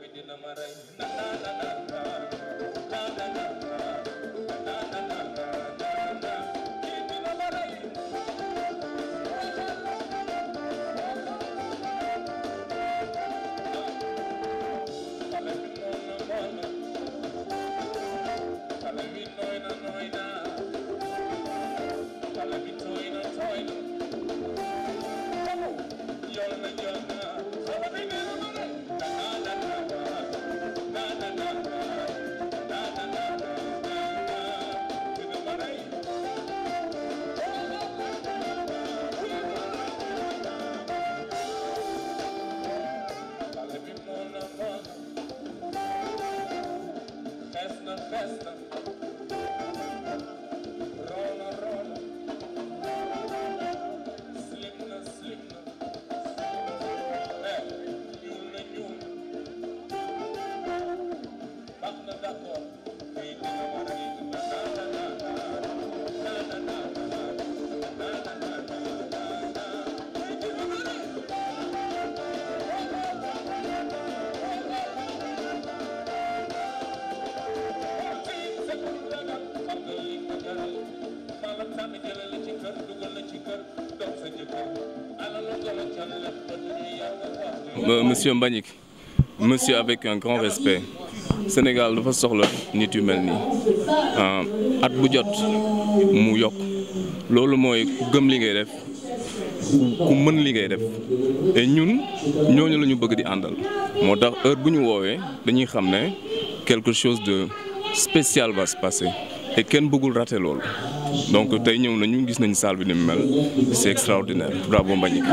bi dina ma rey na na na festa, festa. Monsieur mbañik monsieur avec un grand respect Sénégal dafa soxla nit yu mel nii ah, at bu jot mu yokk loolu mooy ku gëm li ngay def ku mën li ngay def et ñun ñooñu la ñu bëgg di àndal moo tax heure bu ñu woowee dañuy xam ne quelque chose de spécial va se passer te kenn bëggul raté lool donc tey ñëw na ñu gis nañ salle bi ni mu mel c'est extraordinaire bravo Mbagnick